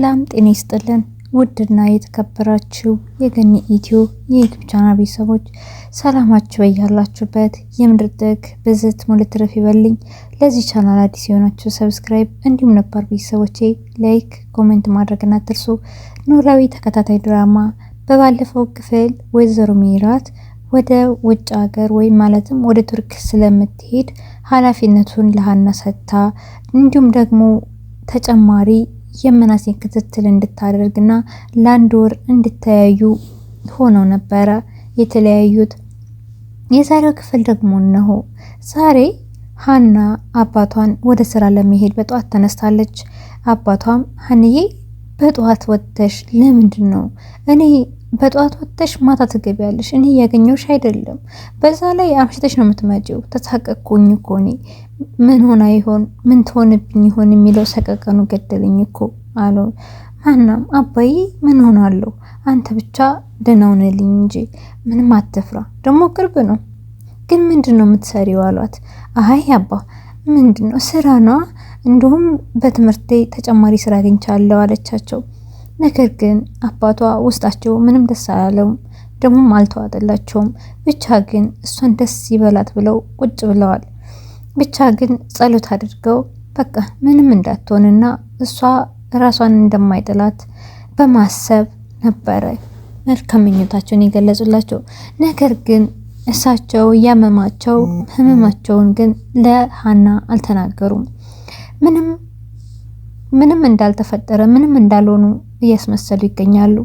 ሰላም ጤና ይስጥልን ውድና የተከበራችሁ የገኒ ኢትዮ የዩቱብ ቻናል ቤተሰቦች ሰላማችሁ በያላችሁበት የምድር ጥግ ብዝት ሙልትረፍ ይበልኝ። ለዚህ ቻናል አዲስ የሆናችሁ ሰብስክራይብ፣ እንዲሁም ነባር ቤተሰቦቼ ላይክ፣ ኮሜንት ማድረግና አትርሱ። ኖላዊ ተከታታይ ድራማ በባለፈው ክፍል ወይዘሮ ሚራት ወደ ውጭ ሀገር ወይም ማለትም ወደ ቱርክ ስለምትሄድ ኃላፊነቱን ለሀና ሰጥታ እንዲሁም ደግሞ ተጨማሪ የምናሴ ክትትል እንድታደርግና ለአንድ ወር እንድተያዩ ሆነው ነበረ የተለያዩት። የዛሬው ክፍል ደግሞ እነሆ። ዛሬ ሀና አባቷን ወደ ስራ ለመሄድ በጠዋት ተነስታለች። አባቷም ሀንዬ በጠዋት ወጥተሽ ለምንድን ነው እኔ በጠዋት ወጥተሽ ማታ ትገቢያለሽ። እኔ እያገኘሁሽ አይደለም። በዛ ላይ አምሽተሽ ነው የምትመጪው። ተሳቀቅኩኝ እኮ እኔ። ምን ሆና ይሆን ምን ትሆንብኝ ይሆን የሚለው ሰቀቀኑ ገደለኝ እኮ አለው። ማናም አባዬ ምን ሆናለሁ? አንተ ብቻ ደህና እንጂ ምንም አትፍራ። ደግሞ ቅርብ ነው። ግን ምንድን ነው የምትሰሪው አሏት። አይ አባ ምንድን ነው ስራ ነዋ። እንዲሁም በትምህርቴ ተጨማሪ ስራ አግኝቻለሁ አለቻቸው። ነገር ግን አባቷ ውስጣቸው ምንም ደስ አላለውም፣ ደግሞም አልተዋጠላቸውም። ብቻ ግን እሷን ደስ ይበላት ብለው ቁጭ ብለዋል። ብቻ ግን ጸሎት አድርገው በቃ ምንም እንዳትሆንና እሷ ራሷን እንደማይጥላት በማሰብ ነበረ መልካም ምኞታቸውን የገለጹላቸው። ነገር ግን እሳቸው እያመማቸው ህመማቸውን ግን ለሀና አልተናገሩም። ምንም ምንም እንዳልተፈጠረ ምንም እንዳልሆኑ እያስመሰሉ ይገኛሉ።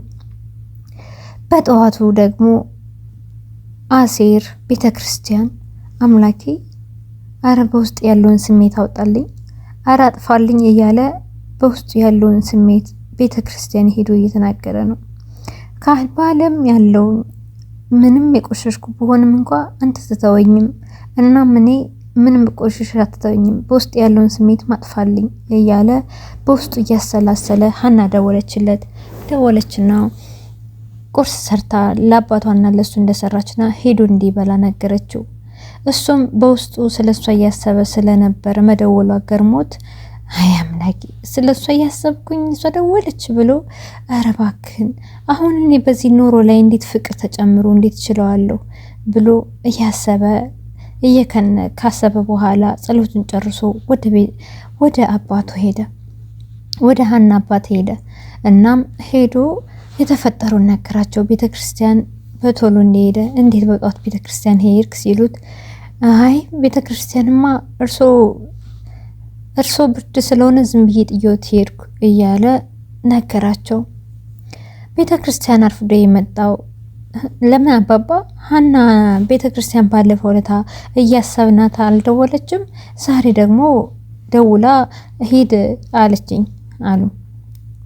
በጠዋቱ ደግሞ አሴር ቤተ ክርስቲያን አምላኬ አረ በውስጥ ያለውን ስሜት አውጣልኝ፣ አረ አጥፋልኝ እያለ በውስጡ ያለውን ስሜት ቤተ ክርስቲያን ሄዶ እየተናገረ ነው። በዓለም ያለውን ምንም የቆሸሽኩ ብሆንም እንኳ አንተ ትተወኝም እና ምኔ ምንም ቆሽሽ አትተውኝም፣ በውስጥ ያለውን ስሜት ማጥፋልኝ እያለ በውስጡ እያሰላሰለ ሀና ደወለችለት። ደወለችና ቁርስ ሰርታ ለአባቷና ለሱ እንደሰራችና ሄዶ እንዲበላ ነገረችው። እሱም በውስጡ ስለ እሷ እያሰበ ስለነበረ መደወሏ ገርሞት አይ አምላኬ ስለ እሷ እያሰብኩኝ እሷ ደወለች ብሎ ኧረ እባክህን አሁን እኔ በዚህ ኑሮ ላይ እንዴት ፍቅር ተጨምሮ እንዴት ችለዋለሁ ብሎ እያሰበ እየከነ ካሰበ በኋላ ጸሎቱን ጨርሶ ወደ አባቱ ሄደ፣ ወደ ሀና አባት ሄደ። እናም ሄዶ የተፈጠሩ ነገራቸው። ቤተ ክርስቲያን በቶሎ እንደሄደ እንዴት በጧት ቤተ ክርስቲያን ሄድክ ሲሉት አይ ቤተ ክርስቲያንማ እርሶ እርሶ ብርድ ስለሆነ ዝም ብዬ ጥዬዎት ሄድኩ እያለ ነገራቸው። ቤተ ክርስቲያን አርፍዶ የመጣው ለምን አባባ ሀና ቤተ ክርስቲያን ባለፈው ለታ እያሰብናት አልደወለችም? ዛሬ ደግሞ ደውላ ሂድ አለችኝ አሉ።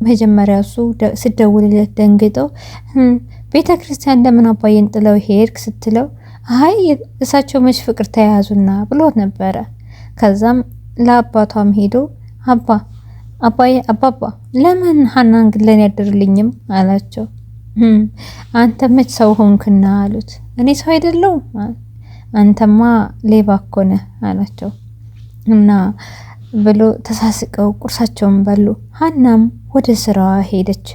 መጀመሪያ እሱ ስደውልለት ደንግጠው ቤተ ክርስቲያን ለምን አባዬን ጥለው ሄድክ ስትለው አይ እሳቸው መች ፍቅር ተያያዙና ብሎት ነበረ። ከዛም ለአባቷም ሄዶ አባ አባዬ አባባ ለምን ሀናን ግለን ያደርልኝም አላቸው። አንተ መች ሰው ሆንክና አሉት። እኔ ሰው አይደለሁም አንተማ ሌባ እኮ ነህ አላቸው እና ብሎ ተሳስቀው ቁርሳቸውን በሉ። ሀናም ወደ ስራዋ ሄደች።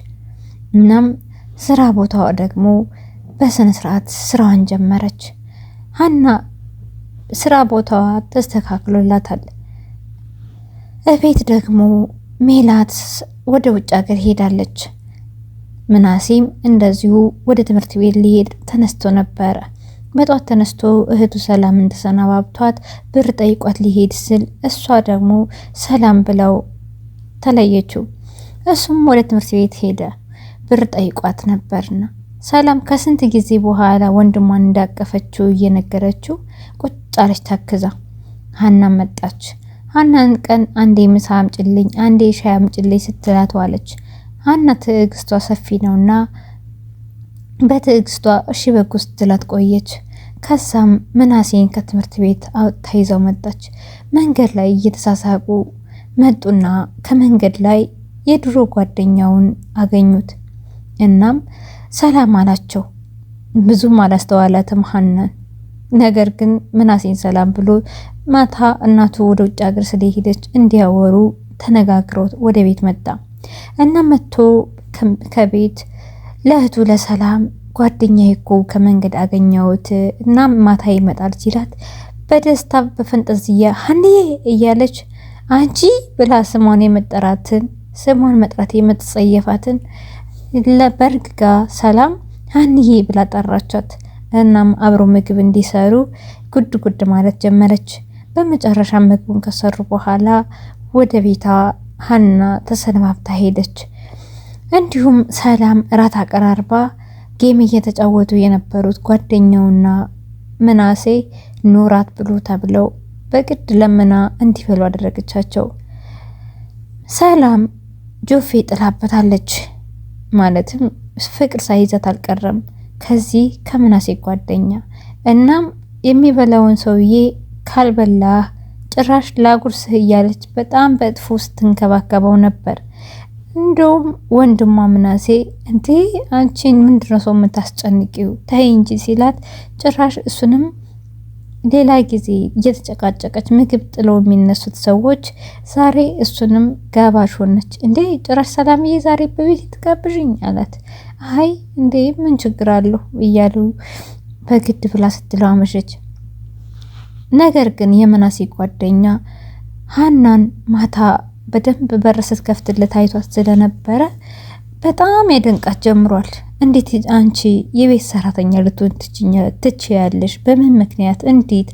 እናም ስራ ቦታዋ ደግሞ በስነ ስርዓት ስራዋን ጀመረች። ሀና ስራ ቦታዋ ተስተካክሎላታል። እቤት ደግሞ ሜላት ወደ ውጭ ሀገር ሄዳለች። ምናሴም እንደዚሁ ወደ ትምህርት ቤት ሊሄድ ተነስቶ ነበረ። በጧት ተነስቶ እህቱ ሰላምን ተሰናባብቷት ብር ጠይቋት ሊሄድ ስል እሷ ደግሞ ሰላም ብለው ተለየችው። እሱም ወደ ትምህርት ቤት ሄደ። ብር ጠይቋት ነበርና ሰላም ከስንት ጊዜ በኋላ ወንድሟን እንዳቀፈችው እየነገረችው ቁጭ አለች ታክዛ። ሀና መጣች። ሀናን ቀን አንዴ ምሳ አምጭልኝ፣ አንዴ ሻይ አምጭልኝ ስትላት ዋለች። ሀና ትዕግስቷ ሰፊ ነውና በትዕግስቷ እሺ በጎ ስትላት ቆየች። ከዛም ምናሴን ከትምህርት ቤት አውጥታ ይዘው መጣች። መንገድ ላይ እየተሳሳቁ መጡና ከመንገድ ላይ የድሮ ጓደኛውን አገኙት። እናም ሰላም አላቸው። ብዙም አላስተዋላትም ሀናን። ነገር ግን ምናሴን ሰላም ብሎ ማታ እናቱ ወደ ውጭ ሀገር ስለሄደች እንዲያወሩ ተነጋግረውት ወደ ቤት መጣ። እና መጥቶ ከቤት ለእህቱ ለሰላም ጓደኛ እኮ ከመንገድ አገኘሁት እና ማታ ይመጣል ሲላት በደስታ በፈንጠዝያ ሀንዬ እያለች አንቺ ብላ ስሟን የመጠራትን ስሟን መጥራት የምትጸየፋትን ለበርግጋ ሰላም ሀንዬ ብላ ጠራቻት። እናም አብሮ ምግብ እንዲሰሩ ጉድ ጉድ ማለት ጀመረች። በመጨረሻ ምግቡን ከሰሩ በኋላ ወደ ቤታ ሀና ተሰነባብታ ሄደች። እንዲሁም ሰላም እራት አቀራርባ ጌም እየተጫወቱ የነበሩት ጓደኛውና ምናሴ ኑራት ብሎ ተብለው በግድ ለምና እንዲበሉ አደረገቻቸው። ሰላም ጆፌ ጥላበታለች። ማለትም ፍቅር ሳይይዘት አልቀረም ከዚህ ከምናሴ ጓደኛ። እናም የሚበላውን ሰውዬ ካልበላህ ጭራሽ ላጉርስህ እያለች በጣም ውስጥ ስትንከባከበው ነበር። እንደውም ወንድሟ ምናሴ እንዴ አንቺን ምንድነው ሰው የምታስጨንቂው ተይ እንጂ ሲላት ጭራሽ እሱንም ሌላ ጊዜ እየተጨቃጨቀች ምግብ ጥለው የሚነሱት ሰዎች ዛሬ እሱንም ጋባዥ ሆነች። እንዴ ጭራሽ ሰላምዬ ዛሬ በቤት ትጋብዥኝ አላት። አይ እንዴ ምን ችግር አለሁ እያሉ በግድ ብላ ስትለው አመሸች። ነገር ግን የምናሴ ጓደኛ ሀናን ማታ በደንብ በር ስትከፍትለት አይቷት ስለነበረ በጣም ያደንቃት ጀምሯል። እንዴት አንቺ የቤት ሰራተኛ ልትሆን ትችያለሽ? በምን ምክንያት? እንዴት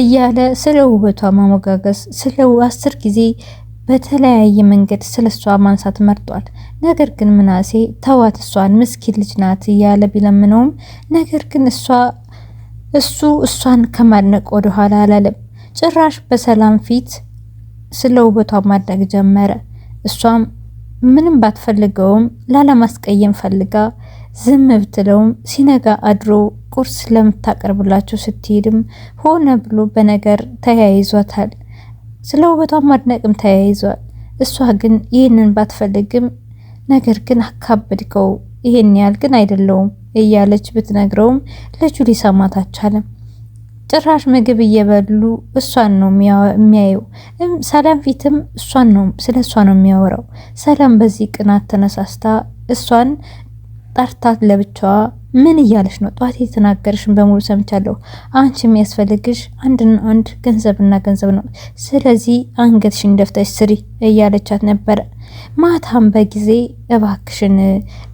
እያለ ስለ ውበቷ ማሞጋገስ ስለ አስር ጊዜ በተለያየ መንገድ ስለ እሷ ማንሳት መርጧል። ነገር ግን ምናሴ ተዋት፣ እሷን ምስኪን ልጅ ናት እያለ ቢለምነውም ነገር ግን እሷ እሱ እሷን ከማድነቅ ወደ ኋላ አላለም። ጭራሽ በሰላም ፊት ስለ ውበቷ ማድነቅ ጀመረ። እሷም ምንም ባትፈልገውም ላለማስቀየም ፈልጋ ዝም ብትለውም ሲነጋ አድሮ ቁርስ ለምታቀርብላቸው ስትሄድም ሆነ ብሎ በነገር ተያይዟታል። ስለ ውበቷ ማድነቅም ተያይዟል። እሷ ግን ይህንን ባትፈልግም ነገር ግን አካበድከው፣ ይሄን ያህል ግን አይደለውም እያለች ብትነግረውም ልጁ ሊሰማት አልቻለም። ጭራሽ ምግብ እየበሉ እሷን ነው የሚያየው። ሰላም ፊትም እሷን ነው ስለ እሷ ነው የሚያወራው። ሰላም በዚህ ቅናት ተነሳስታ እሷን ጠርታት ለብቻዋ ምን እያለች ነው? ጠዋት የተናገርሽን በሙሉ ሰምቻለሁ። አንቺ የሚያስፈልግሽ አንድና አንድ ገንዘብና ገንዘብ ነው። ስለዚህ አንገትሽን ደፍተሽ ስሪ እያለቻት ነበረ። ማታም በጊዜ እባክሽን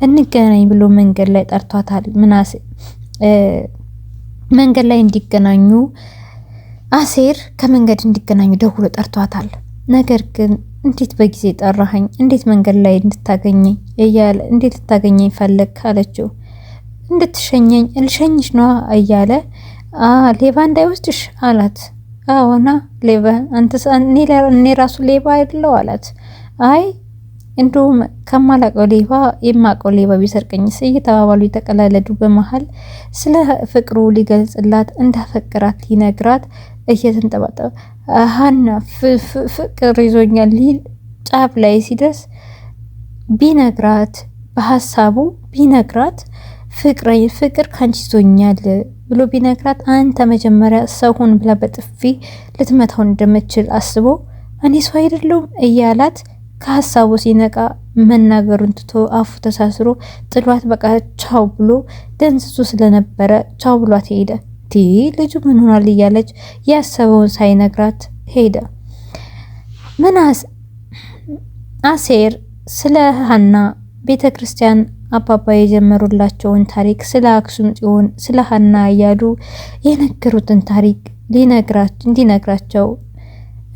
እንገናኝ ብሎ መንገድ ላይ ጠርቷታል። ምናሴ መንገድ ላይ እንዲገናኙ አሴር ከመንገድ እንዲገናኙ ደውሎ ጠርቷታል። ነገር ግን እንዴት በጊዜ ጠራኸኝ? እንዴት መንገድ ላይ እንድታገኘኝ እያለ እንዴት ልታገኘኝ ፈለግ አለችው። እንድትሸኘኝ ልሸኝሽ ነዋ እያለ ሌባ እንዳይወስድሽ አላት። አዎና ሌባ እኔ ራሱ ሌባ አይደለው አላት። አይ እንዲሁም ከማላቀው ሌባ የማቀው ሌባ ቢሰርቀኝስ እየተባባሉ የተቀላለዱ በመሀል ስለ ፍቅሩ ሊገልጽላት እንዳፈቅራት ሊነግራት እየተንጠባጠበ ሀና ፍቅር ይዞኛል ሊል ጫፍ ላይ ሲደርስ ቢነግራት በሀሳቡ ቢነግራት ፍቅር ፍቅር ካንቺ ይዞኛል ብሎ ቢነግራት አንተ መጀመሪያ ሰውን ብላ በጥፊ ልትመታው እንደምችል አስቦ እኔ ሰው አይደለሁም እያላት ከሀሳቡ ሲነቃ መናገሩን ትቶ አፉ ተሳስሮ ጥሏት በቃ ቻው ብሎ ደንስሶ ስለነበረ ቻው ብሏት ሄደ። ቲ ልጁ ምን ሆኗል እያለች ያሰበውን ሳይነግራት ሄደ። ምናስ አሴር ስለ ሀና ቤተ ክርስቲያን አባባ የጀመሩላቸውን ታሪክ ስለ አክሱም ጽዮን ስለ ሀና እያሉ የነገሩትን ታሪክ እንዲነግራቸው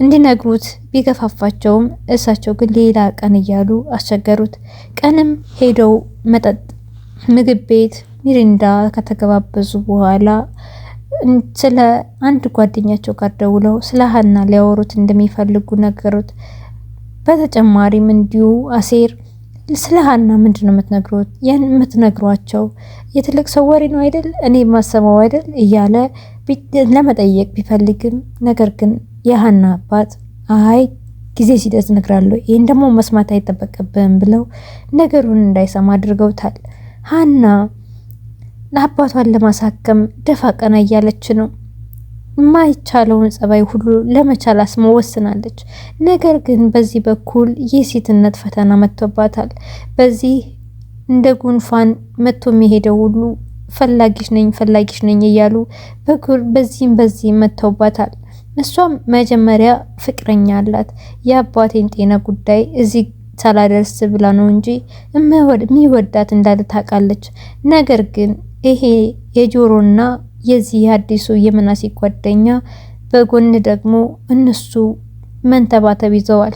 እንዲነግሩት ቢገፋፋቸውም እሳቸው ግን ሌላ ቀን እያሉ አስቸገሩት። ቀንም ሄደው መጠጥ ምግብ ቤት ሚሪንዳ ከተገባበዙ በኋላ ስለ አንድ ጓደኛቸው ጋር ደውለው ስለ ሀና ሊያወሩት እንደሚፈልጉ ነገሩት። በተጨማሪም እንዲሁ አሴር ስለ ሀና ምንድን ነው የምትነግሩት? የምትነግሯቸው የትልቅ ሰው ወሬ ነው አይደል? እኔ ማሰማው አይደል? እያለ ለመጠየቅ ቢፈልግም ነገር ግን የሀና አባት አይ ጊዜ ሲደርስ እነግራለሁ፣ ይህን ደግሞ መስማት አይጠበቅብህም ብለው ነገሩን እንዳይሰማ አድርገውታል። ሀና አባቷን ለማሳከም ደፋ ቀና እያለች ነው። የማይቻለውን ጸባይ ሁሉ ለመቻል አስመ ወስናለች። ነገር ግን በዚህ በኩል የሴትነት ፈተና መጥቶባታል። በዚህ እንደ ጉንፋን መጥቶ የሚሄደው ሁሉ ፈላጊሽ ነኝ ፈላጊሽ ነኝ እያሉ በዚህም በዚህም መጥተውባታል። እሷም መጀመሪያ ፍቅረኛ አላት። የአባቴን ጤና ጉዳይ እዚህ ሳላደርስ ብላ ነው እንጂ የሚወዳት እንዳለ ታውቃለች። ነገር ግን ይሄ የጆሮና የዚህ የአዲሱ የመናሴ ጓደኛ በጎን ደግሞ እነሱ መንተባተብ ይዘዋል።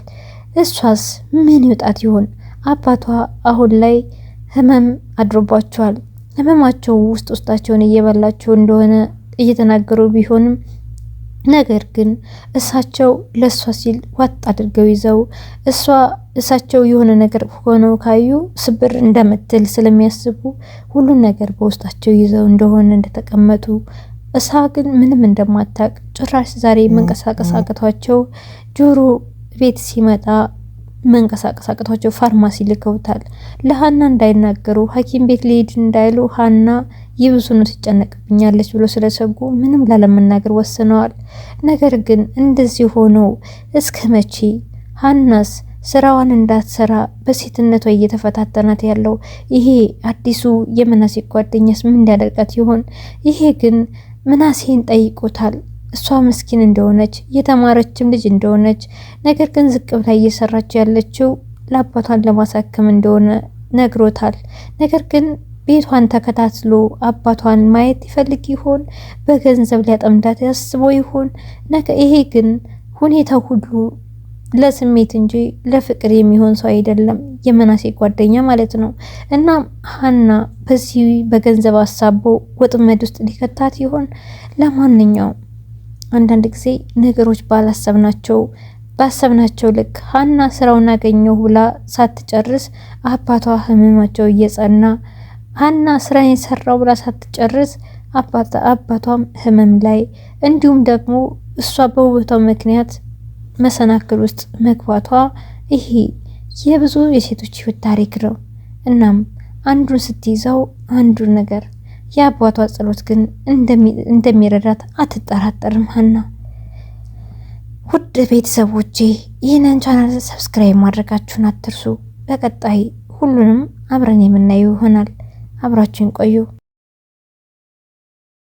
እሷስ ምን ይውጣት ይሆን? አባቷ አሁን ላይ ህመም አድሮባቸዋል። ህመማቸው ውስጥ ውስጣቸውን እየበላቸው እንደሆነ እየተናገሩ ቢሆንም ነገር ግን እሳቸው ለእሷ ሲል ዋጥ አድርገው ይዘው እሷ እሳቸው የሆነ ነገር ሆነው ካዩ ስብር እንደምትል ስለሚያስቡ ሁሉን ነገር በውስጣቸው ይዘው እንደሆነ እንደተቀመጡ እሳ ግን ምንም እንደማታቅ ጭራሽ ዛሬ መንቀሳቀስ አቅቷቸው ጆሮ ቤት ሲመጣ መንቀሳቀስ አቅቷቸው ፋርማሲ ልከውታል። ለሀና እንዳይናገሩ ሐኪም ቤት ሊሄድ እንዳይሉ ሀና ነው ትጨነቅብኛለች ብሎ ስለሰጉ ምንም ላለመናገር ወስነዋል። ነገር ግን እንደዚህ ሆነው እስከ መቼ? ሀናስ ስራዋን እንዳትሰራ በሴትነቷ እየተፈታተናት ያለው ይሄ አዲሱ የምናሴ ጓደኛስ ምን እንዲያደርጋት ይሆን? ይሄ ግን ምናሴን ጠይቆታል። እሷ ምስኪን እንደሆነች የተማረችም ልጅ እንደሆነች ነገር ግን ዝቅ ብላ እየሰራች ያለችው ለአባቷን ለማሳከም እንደሆነ ነግሮታል። ነገር ግን ቤቷን ተከታትሎ አባቷን ማየት ይፈልግ ይሆን? በገንዘብ ሊያጠምዳት ያስቦ ይሆን? ነገ ይሄ ግን ሁኔታ ሁሉ ለስሜት እንጂ ለፍቅር የሚሆን ሰው አይደለም፣ የመናሴ ጓደኛ ማለት ነው። እናም ሀና በዚህ በገንዘብ አሳቦ ወጥመድ ውስጥ ሊከታት ይሆን? ለማንኛውም አንዳንድ ጊዜ ነገሮች ባላሰብናቸው ባሰብናቸው ልክ ሀና ስራውን አገኘው ብላ ሳትጨርስ አባቷ ህመማቸው እየጸና ሀና ስራ የሰራው ብላ ሳትጨርስ አባቷም ህመም ላይ እንዲሁም ደግሞ እሷ በውበቷ ምክንያት መሰናክል ውስጥ መግባቷ ይሄ የብዙ የሴቶች ህይወት ታሪክ ነው። እናም አንዱን ስትይዘው አንዱን ነገር የአባቷ ጸሎት ግን እንደሚረዳት አትጠራጠርም ሀና። ውድ ቤተሰቦቼ ይህንን ቻናል ሰብስክራይብ ማድረጋችሁን አትርሱ። በቀጣይ ሁሉንም አብረን የምናየው ይሆናል። አብራችን ቆዩ።